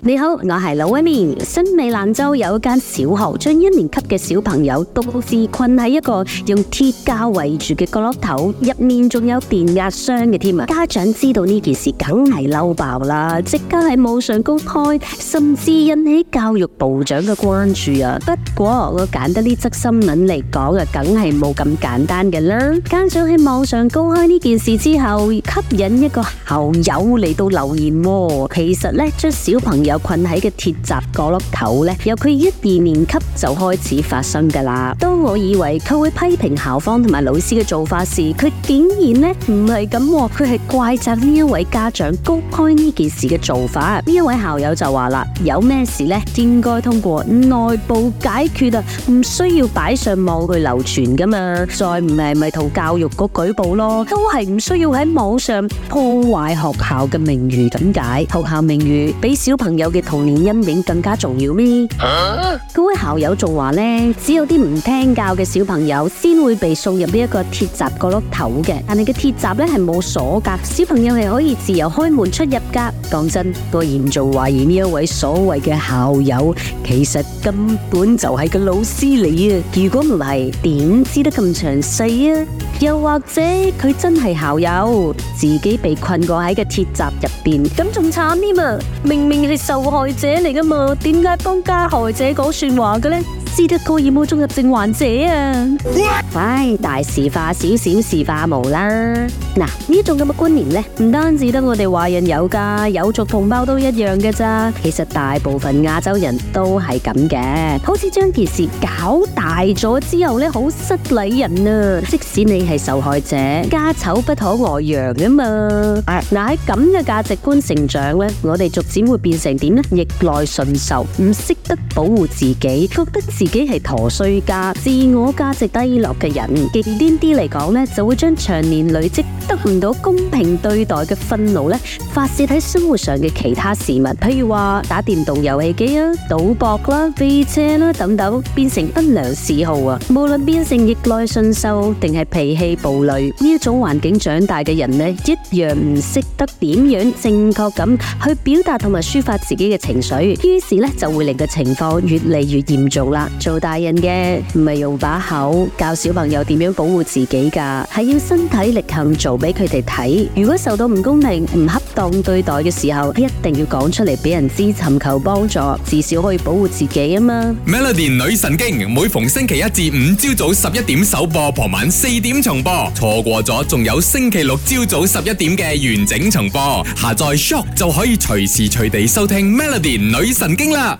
你好，我係 Melody。森美蘭州有一間小學將一年級嘅小朋友獨自困喺一個用鐵架圍住嘅角落頭，入面仲有電壓箱嘅添啊！家長知道呢件事梗係嬲爆啦，即刻喺網上公開，甚至引起教育部長嘅關注啊！不過我揀得呢則新聞嚟講啊，梗係冇咁簡單嘅啦。家長喺網上公開呢件事之後，吸引一個校友嚟到留言，其實咧將小朋友。有困喺嘅鐵閘角落頭咧，由佢一二年級就開始發生噶啦。當我以為佢會批評校方同埋老師嘅做法時，佢竟然咧唔係咁，佢係、哦、怪責呢一位家長公開呢件事嘅做法。呢一位校友就話啦，有咩事咧，應該通過內部解決啊，唔需要擺上網去流傳噶嘛。再唔係咪同教育局舉報咯？都係唔需要喺網上破壞學校嘅名譽。點、這、解、個、學校名譽俾小朋友有嘅童年陰影更加重要咩？嗰、啊、位校友仲話，呢只有啲唔聽教嘅小朋友先會被送入呢一個鐵閘角落頭嘅，但係個鐵閘咧，係冇鎖噶，小朋友係可以自由開門出入噶。講真，我嚴重懷疑呢一位所謂嘅校友，其實根本就係個老師嚟啊！如果唔係，點知得咁詳細啊？又或者佢真係校友，自己被困過喺個鐵閘入邊，咁仲慘啲嘛？明明係受害者嚟㗎嘛，點解幫加害者講算話㗎呢？知得高爾摩綜合症患者啊！喂，大事化小，小事化無啦。嗱，呢種咁嘅觀念咧，唔單止得我哋華人有噶，有族同胞都一樣嘅咋。其實大部分亞洲人都係咁嘅，好似將件事搞大咗之後咧，好失禮人啊！即使你係受害者，家醜不可外揚啊嘛。嗱，喺咁嘅價值觀成長咧，我哋逐漸會變成點咧？逆來順受，唔識得保護自己，覺得。自己係陀衰家，自我價值低落嘅人，極端啲嚟講咧，就會將長年累積得唔到公平對待嘅憤怒咧，發洩喺生活上嘅其他事物，譬如話打電動遊戲機啊、賭博啦、飛車啦等等，變成不良嗜好啊。無論變成逆來順受定係脾氣暴戾，呢一種環境長大嘅人咧，一樣唔識得點樣正確咁去表達同埋抒發自己嘅情緒，於是咧就會令個情況越嚟越嚴重啦。做大人嘅唔係用把口教小朋友點樣保護自己噶，係要身體力行做俾佢哋睇。如果受到唔公平、唔恰當對待嘅時候，一定要講出嚟俾人知，尋求幫助，至少可以保護自己啊嘛。Melody 女神經每逢星期一至五朝早十一點首播，傍晚四點重播，錯過咗仲有星期六朝早十一點嘅完整重播。下載 shop 就可以隨時隨地收聽 Melody 女神經啦。